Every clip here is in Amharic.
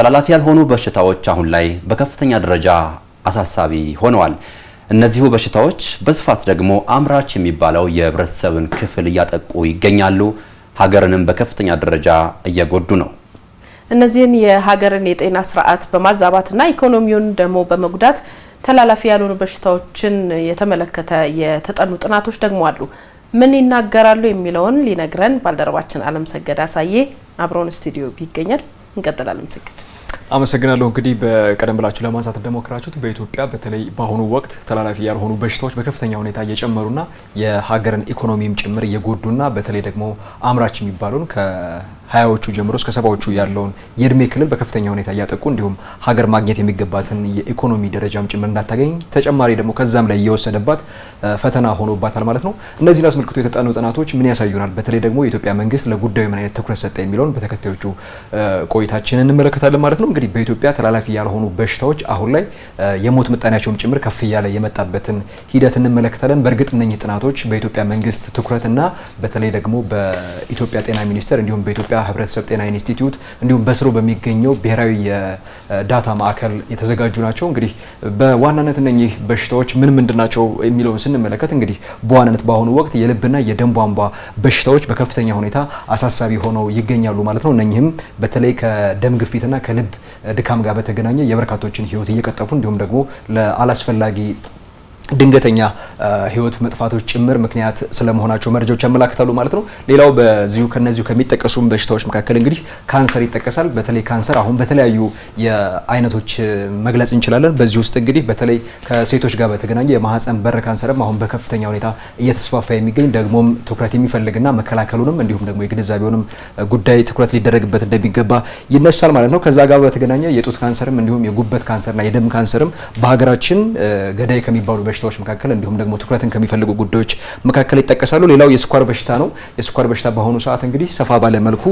ተላላፊ ያልሆኑ በሽታዎች አሁን ላይ በከፍተኛ ደረጃ አሳሳቢ ሆነዋል። እነዚሁ በሽታዎች በስፋት ደግሞ አምራች የሚባለው የህብረተሰብን ክፍል እያጠቁ ይገኛሉ። ሀገርንም በከፍተኛ ደረጃ እየጎዱ ነው። እነዚህን የሀገርን የጤና ስርዓት በማዛባትና ኢኮኖሚውን ደግሞ በመጉዳት ተላላፊ ያልሆኑ በሽታዎችን የተመለከተ የተጠኑ ጥናቶች ደግሞ አሉ። ምን ይናገራሉ የሚለውን ሊነግረን ባልደረባችን አለም ሰገድ አሳዬ አብሮን ስቱዲዮ ይገኛል። እንቀጥላለን። ስግድ አመሰግናለሁ። እንግዲህ በቀደም ብላችሁ ለማንሳት እንደሞከራችሁት በኢትዮጵያ በተለይ በአሁኑ ወቅት ተላላፊ ያልሆኑ በሽታዎች በከፍተኛ ሁኔታ እየጨመሩና የሀገርን ኢኮኖሚም ጭምር እየጎዱና በተለይ ደግሞ አምራች የሚባሉን ሀያዎቹ ጀምሮ እስከ ሰባዎቹ ያለውን የእድሜ ክልል በከፍተኛ ሁኔታ እያጠቁ እንዲሁም ሀገር ማግኘት የሚገባትን የኢኮኖሚ ደረጃም ጭምር እንዳታገኝ ተጨማሪ ደግሞ ከዛም ላይ እየወሰደባት ፈተና ሆኖባታል ማለት ነው። እነዚህን አስመልክቶ የተጠኑ ጥናቶች ምን ያሳዩናል? በተለይ ደግሞ የኢትዮጵያ መንግስት ለጉዳዩ ምን አይነት ትኩረት ሰጠ የሚለውን በተከታዮቹ ቆይታችን እንመለከታለን ማለት ነው። እንግዲህ በኢትዮጵያ ተላላፊ ያልሆኑ በሽታዎች አሁን ላይ የሞት ምጣኔያቸውም ጭምር ከፍ እያለ የመጣበትን ሂደት እንመለከታለን። በእርግጥ እነኚህ ጥናቶች በኢትዮጵያ መንግስት ትኩረትና በተለይ ደግሞ በኢትዮጵያ ጤና ሚኒስቴር እንዲሁም በኢትዮጵያ ህብረተሰብ ጤና ኢንስቲትዩት እንዲሁም በስሮ በሚገኘው ብሔራዊ የዳታ ማዕከል የተዘጋጁ ናቸው። እንግዲህ በዋናነት እነኚህ በሽታዎች ምን ምንድን ናቸው የሚለውን ስንመለከት እንግዲህ በዋናነት በአሁኑ ወቅት የልብና የደም ቧንቧ በሽታዎች በከፍተኛ ሁኔታ አሳሳቢ ሆነው ይገኛሉ ማለት ነው። እነኚህም በተለይ ከደም ግፊትና ከልብ ድካም ጋር በተገናኘ የበርካቶችን ህይወት እየቀጠፉ እንዲሁም ደግሞ ለአላስፈላጊ ድንገተኛ ህይወት መጥፋቶች ጭምር ምክንያት ስለመሆናቸው መረጃዎች ያመላክታሉ ማለት ነው። ሌላው በዚሁ ከነዚሁ ከሚጠቀሱም በሽታዎች መካከል እንግዲህ ካንሰር ይጠቀሳል። በተለይ ካንሰር አሁን በተለያዩ የአይነቶች መግለጽ እንችላለን። በዚህ ውስጥ እንግዲህ በተለይ ከሴቶች ጋር በተገናኘ የማህፀን በር ካንሰርም አሁን በከፍተኛ ሁኔታ እየተስፋፋ የሚገኝ ደግሞም ትኩረት የሚፈልግና መከላከሉንም እንዲሁም ደግሞ የግንዛቤውንም ጉዳይ ትኩረት ሊደረግበት እንደሚገባ ይነሳል ማለት ነው። ከዛ ጋር በተገናኘ የጡት ካንሰርም እንዲሁም የጉበት ካንሰርና የደም ካንሰርም በሀገራችን ገዳይ ከሚባሉ በሽታዎች መካከል እንዲሁም ደግሞ ትኩረትን ከሚፈልጉ ጉዳዮች መካከል ይጠቀሳሉ። ሌላው የስኳር በሽታ ነው። የስኳር በሽታ በአሁኑ ሰዓት እንግዲህ ሰፋ ባለ መልኩ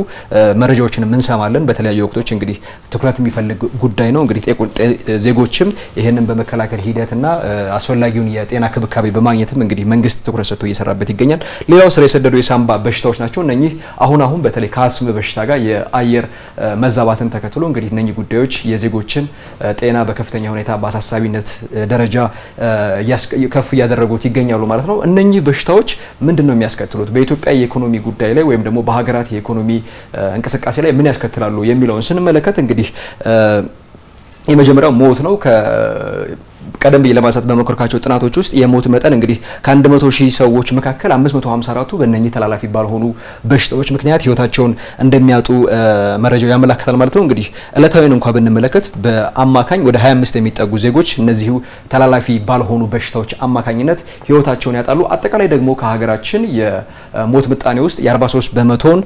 መረጃዎችን እንሰማለን። በተለያዩ ወቅቶች እንግዲህ ትኩረት የሚፈልግ ጉዳይ ነው። እንግዲህ ዜጎችም ይህንን በመከላከል ሂደትና አስፈላጊውን የጤና ክብካቤ በማግኘትም እንግዲህ መንግስት ትኩረት ሰጥቶ እየሰራበት ይገኛል። ሌላው ስር የሰደዱ የሳምባ በሽታዎች ናቸው። እነኚህ አሁን አሁን በተለይ ከአስም በሽታ ጋር የአየር መዛባትን ተከትሎ እንግዲህ እነኚህ ጉዳዮች የዜጎችን ጤና በከፍተኛ ሁኔታ በአሳሳቢነት ደረጃ ከፍ እያደረጉት ይገኛሉ ማለት ነው። እነኚህ በሽታዎች ምንድን ነው የሚያስከትሉት በኢትዮጵያ የኢኮኖሚ ጉዳይ ላይ ወይም ደግሞ በሀገራት የኢኮኖሚ እንቅስቃሴ ላይ ምን ያስከትላሉ የሚለውን ስንመለከት እንግዲህ የመጀመሪያው ሞት ነው። ቀደም ብዬ ለማንሳት በመኮርካቸው ጥናቶች ውስጥ የሞት መጠን እንግዲህ ከ100 ሺህ ሰዎች መካከል 554ቱ በእነኚህ ተላላፊ ባልሆኑ በሽታዎች ምክንያት ህይወታቸውን እንደሚያጡ መረጃው ያመላክታል ማለት ነው። እንግዲህ እለታዊን እንኳ ብንመለከት በአማካኝ ወደ 25 የሚጠጉ ዜጎች እነዚሁ ተላላፊ ባልሆኑ በሽታዎች አማካኝነት ህይወታቸውን ያጣሉ። አጠቃላይ ደግሞ ከሀገራችን የሞት ምጣኔ ውስጥ የ43 በመቶን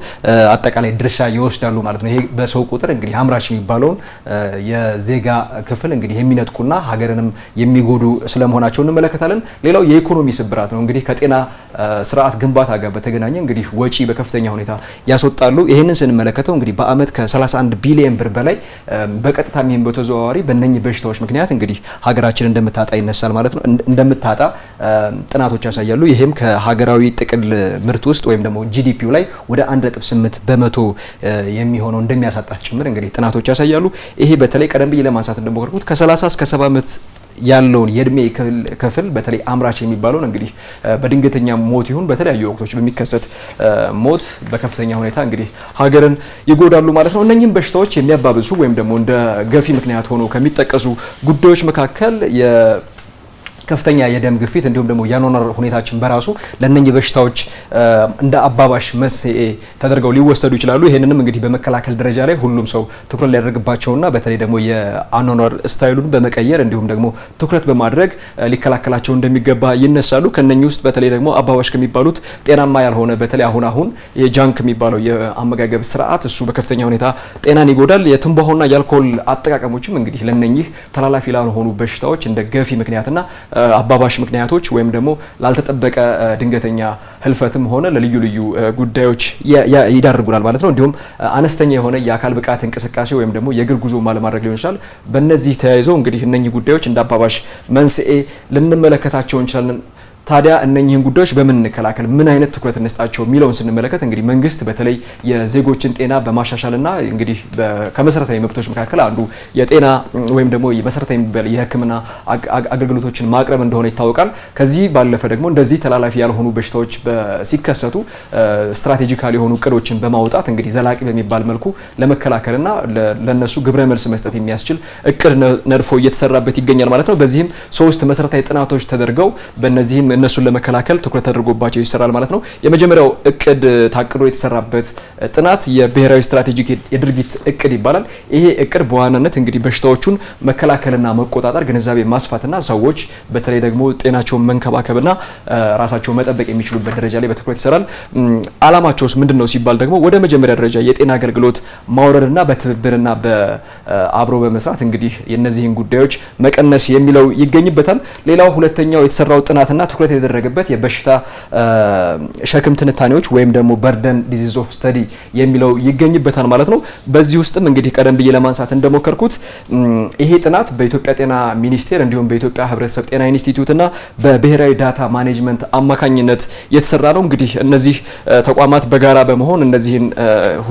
አጠቃላይ ድርሻ ይወስዳሉ ማለት ነው። ይሄ በሰው ቁጥር እንግዲህ አምራች የሚባለውን የዜጋ ክፍል እንግዲህ የሚነጥቁና ሀገርንም የሚጎዱ ስለመሆናቸው እንመለከታለን። ሌላው የኢኮኖሚ ስብራት ነው። እንግዲህ ከጤና ስርዓት ግንባታ ጋር በተገናኘ እንግዲህ ወጪ በከፍተኛ ሁኔታ ያስወጣሉ። ይህንን ስንመለከተው እንግዲህ በአመት ከ31 ቢሊየን ብር በላይ በቀጥታ የሚሆን በተዘዋዋሪ በእነኚህ በሽታዎች ምክንያት እንግዲህ ሀገራችን እንደምታጣ ይነሳል ማለት ነው እንደምታጣ ጥናቶች ያሳያሉ። ይህም ከሀገራዊ ጥቅል ምርት ውስጥ ወይም ደግሞ ጂዲፒው ላይ ወደ 1.8 በመቶ የሚሆነው እንደሚያሳጣት ጭምር እንግዲህ ጥናቶች ያሳያሉ። ይሄ በተለይ ቀደም ብዬ ለማንሳት እንደሞከርኩት ከ30 እስከ 70 ዓመት ያለውን የእድሜ ክፍል በተለይ አምራች የሚባለውን እንግዲህ በድንገተኛ ሞት ይሁን በተለያዩ ወቅቶች በሚከሰት ሞት በከፍተኛ ሁኔታ እንግዲህ ሀገርን ይጎዳሉ ማለት ነው። እነኚህም በሽታዎች የሚያባብሱ ወይም ደግሞ እንደ ገፊ ምክንያት ሆኖ ከሚጠቀሱ ጉዳዮች መካከል ከፍተኛ የደም ግፊት እንዲሁም ደግሞ የአኗኗር ሁኔታችን በራሱ ለእነኚህ በሽታዎች እንደ አባባሽ መንስኤ ተደርገው ሊወሰዱ ይችላሉ። ይህንንም እንግዲህ በመከላከል ደረጃ ላይ ሁሉም ሰው ትኩረት ሊያደርግባቸውና በተለይ ደግሞ የአኗኗር ስታይሉን በመቀየር እንዲሁም ደግሞ ትኩረት በማድረግ ሊከላከላቸው እንደሚገባ ይነሳሉ። ከነኚህ ውስጥ በተለይ ደግሞ አባባሽ ከሚባሉት ጤናማ ያልሆነ በተለይ አሁን አሁን የጃንክ የሚባለው የአመጋገብ ስርዓት እሱ በከፍተኛ ሁኔታ ጤናን ይጎዳል። የትንባሆና የአልኮል አጠቃቀሞችም እንግዲህ ለነኚህ ተላላፊ ላልሆኑ በሽታዎች እንደ ገፊ ምክንያትና አባባሽ ምክንያቶች ወይም ደግሞ ላልተጠበቀ ድንገተኛ ህልፈትም ሆነ ለልዩ ልዩ ጉዳዮች ይዳርጉናል ማለት ነው። እንዲሁም አነስተኛ የሆነ የአካል ብቃት እንቅስቃሴ ወይም ደግሞ የእግር ጉዞ ማለማድረግ ሊሆን ይችላል። በእነዚህ ተያይዘው እንግዲህ እነኚህ ጉዳዮች እንደ አባባሽ መንስኤ ልንመለከታቸው እንችላለን። ታዲያ እነኚህን ጉዳዮች በምን እንከላከል፣ ምን አይነት ትኩረት እንስጣቸው የሚለውን ስንመለከት እንግዲህ መንግስት በተለይ የዜጎችን ጤና በማሻሻልና እንግዲህ ከመሰረታዊ መብቶች መካከል አንዱ የጤና ወይም ደግሞ መሰረታዊ የሕክምና አገልግሎቶችን ማቅረብ እንደሆነ ይታወቃል። ከዚህ ባለፈ ደግሞ እንደዚህ ተላላፊ ያልሆኑ በሽታዎች ሲከሰቱ ስትራቴጂካል የሆኑ እቅዶችን በማውጣት እንግዲህ ዘላቂ በሚባል መልኩ ለመከላከልና ለነሱ ግብረ መልስ መስጠት የሚያስችል እቅድ ነድፎ እየተሰራበት ይገኛል ማለት ነው። በዚህም ሶስት መሰረታዊ ጥናቶች ተደርገው በነዚህም እነሱን ለመከላከል ትኩረት ተደርጎባቸው ይሰራል ማለት ነው። የመጀመሪያው እቅድ ታቅዶ የተሰራበት ጥናት የብሔራዊ ስትራቴጂክ የድርጊት እቅድ ይባላል። ይሄ እቅድ በዋናነት እንግዲህ በሽታዎቹን መከላከልና መቆጣጠር፣ ግንዛቤ ማስፋትና ሰዎች በተለይ ደግሞ ጤናቸውን መንከባከብና ራሳቸውን መጠበቅ የሚችሉበት ደረጃ ላይ በትኩረት ይሰራል። አላማቸውስ ምንድን ነው ሲባል ደግሞ ወደ መጀመሪያ ደረጃ የጤና አገልግሎት ማውረድና በትብብርና በአብሮ በመስራት እንግዲህ የነዚህን ጉዳዮች መቀነስ የሚለው ይገኝበታል። ሌላው ሁለተኛው የተሰራው ጥናትና ትኩረት ትኩረት የተደረገበት የበሽታ ሸክም ትንታኔዎች ወይም ደግሞ በርደን ዲዚዝ ኦፍ ስተዲ የሚለው ይገኝበታል ማለት ነው። በዚህ ውስጥም እንግዲህ ቀደም ብዬ ለማንሳት እንደሞከርኩት ይሄ ጥናት በኢትዮጵያ ጤና ሚኒስቴር እንዲሁም በኢትዮጵያ ሕብረተሰብ ጤና ኢንስቲትዩትና በብሔራዊ ዳታ ማኔጅመንት አማካኝነት የተሰራ ነው። እንግዲህ እነዚህ ተቋማት በጋራ በመሆን እነዚህን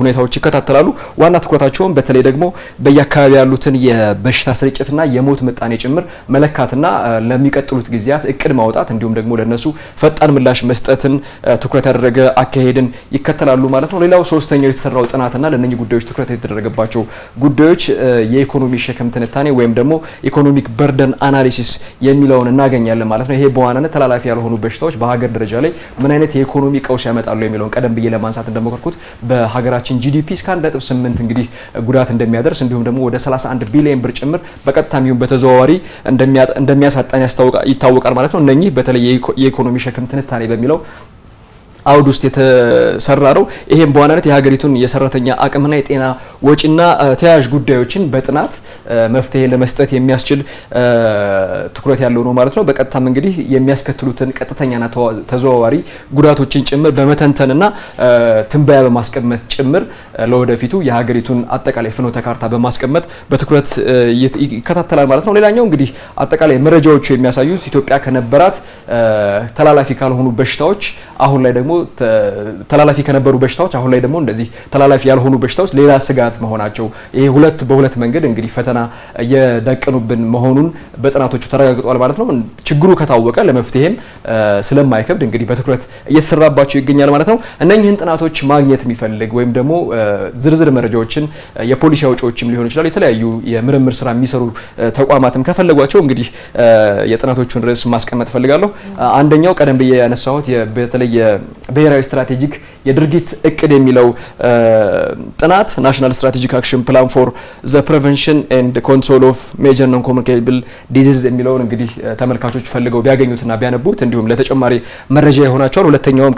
ሁኔታዎች ይከታተላሉ። ዋና ትኩረታቸውም በተለይ ደግሞ በየአካባቢ ያሉትን የበሽታ ስርጭትና የሞት ምጣኔ ጭምር መለካትና ለሚቀጥሉት ጊዜያት እቅድ ማውጣት እንዲሁም ደግሞ ለነሱ ፈጣን ምላሽ መስጠትን ትኩረት ያደረገ አካሄድን ይከተላሉ ማለት ነው። ሌላው ሶስተኛው የተሰራው ጥናትና ለእነኚህ ጉዳዮች ትኩረት የተደረገባቸው ጉዳዮች የኢኮኖሚ ሸክም ትንታኔ ወይም ደግሞ ኢኮኖሚክ በርደን አናሊሲስ የሚለውን እናገኛለን ማለት ነው። ይሄ በዋናነት ተላላፊ ያልሆኑ በሽታዎች በሀገር ደረጃ ላይ ምን አይነት የኢኮኖሚ ቀውስ ያመጣሉ የሚለውን ቀደም ብዬ ለማንሳት እንደሞከርኩት በሀገራችን ጂዲፒ እስከ 1.8 እንግዲህ ጉዳት እንደሚያደርስ እንዲሁም ደግሞ ወደ 31 ቢሊዮን ብር ጭምር በቀጥታም ይሁን በተዘዋዋሪ እንደሚያሳጣን ይታወቃል ማለት ነው። እነኚህ በተለይ የኢኮኖሚ ሸክም ትንታኔ በሚለው አውድ ውስጥ የተሰራ ነው። ይሄም በዋናነት የሀገሪቱን የሰራተኛ አቅምና የጤና ወጪና ተያያዥ ጉዳዮችን በጥናት መፍትሄ ለመስጠት የሚያስችል ትኩረት ያለው ነው ማለት ነው። በቀጥታም እንግዲህ የሚያስከትሉትን ቀጥተኛና ተዘዋዋሪ ጉዳቶችን ጭምር በመተንተንና ትንበያ በማስቀመጥ ጭምር ለወደፊቱ የሀገሪቱን አጠቃላይ ፍኖተ ካርታ በማስቀመጥ በትኩረት ይከታተላል ማለት ነው። ሌላኛው እንግዲህ አጠቃላይ መረጃዎቹ የሚያሳዩት ኢትዮጵያ ከነበራት ተላላፊ ካልሆኑ በሽታዎች አሁን ላይ ደግሞ ደግሞ ተላላፊ ከነበሩ በሽታዎች አሁን ላይ ደግሞ እንደዚህ ተላላፊ ያልሆኑ በሽታዎች ሌላ ስጋት መሆናቸው ይሄ ሁለት በሁለት መንገድ እንግዲህ ፈተና እየደቀኑብን መሆኑን በጥናቶቹ ተረጋግጧል ማለት ነው። ችግሩ ከታወቀ ለመፍትሄም ስለማይከብድ እንግዲህ በትኩረት እየተሰራባቸው ይገኛል ማለት ነው። እነኚህን ጥናቶች ማግኘት የሚፈልግ ወይም ደግሞ ዝርዝር መረጃዎችን የፖሊሲ አውጪዎችም ሊሆን ይችላል የተለያዩ የምርምር ስራ የሚሰሩ ተቋማትም ከፈለጓቸው እንግዲህ የጥናቶቹን ርዕስ ማስቀመጥ ፈልጋለሁ። አንደኛው ቀደም ብዬ ያነሳሁት በተለይ ብሔራዊ ስትራቴጂክ የድርጊት እቅድ የሚለው ጥናት ናሽናል ስትራቴጂክ አክሽን ፕላን ፎር ዘ ፕሬቨንሽን ኤንድ ኮንትሮል ኦፍ ሜጀር ኖን ኮሚኒኬብል ዲዚዝ የሚለውን እንግዲህ ተመልካቾች ፈልገው ቢያገኙትና ቢያነቡት እንዲሁም ለተጨማሪ መረጃ ይሆናቸዋል። ሁለተኛውም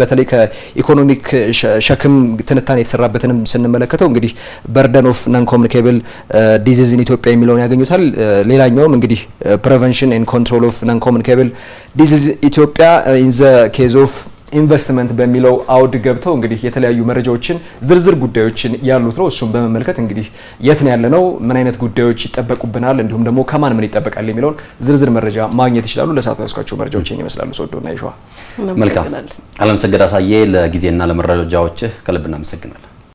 በተለይ ከኢኮኖሚክ ሸክም ትንታኔ የተሰራበትንም ስንመለከተው እንግዲህ በርደን ኦፍ ናን ኮሚኒኬብል ዲዚዝ ኢን ኢትዮጵያ የሚለውን ያገኙታል። ሌላኛውም እንግዲህ ፕሬቨንሽን ኤንድ ኮንትሮል ኦፍ ናን ኮሚኒኬብል ዲዚዝ ኢትዮጵያ ኢን ዘ ኬዝ ኦፍ ኢንቨስትመንት በሚለው አውድ ገብተው እንግዲህ የተለያዩ መረጃዎችን ዝርዝር ጉዳዮችን ያሉት ነው። እሱም በመመልከት እንግዲህ የት ነው ያለነው፣ ምን አይነት ጉዳዮች ይጠበቁብናል፣ እንዲሁም ደግሞ ከማን ምን ይጠበቃል የሚለውን ዝርዝር መረጃ ማግኘት ይችላሉ። ለሰዓቱ ያስኳቸው መረጃዎችን ይመስላሉ። ሶዶና ይሸዋ መልካም አለምሰገድ አሳዬ ለጊዜና ለመረጃዎችህ ከልብ እናመሰግናለን።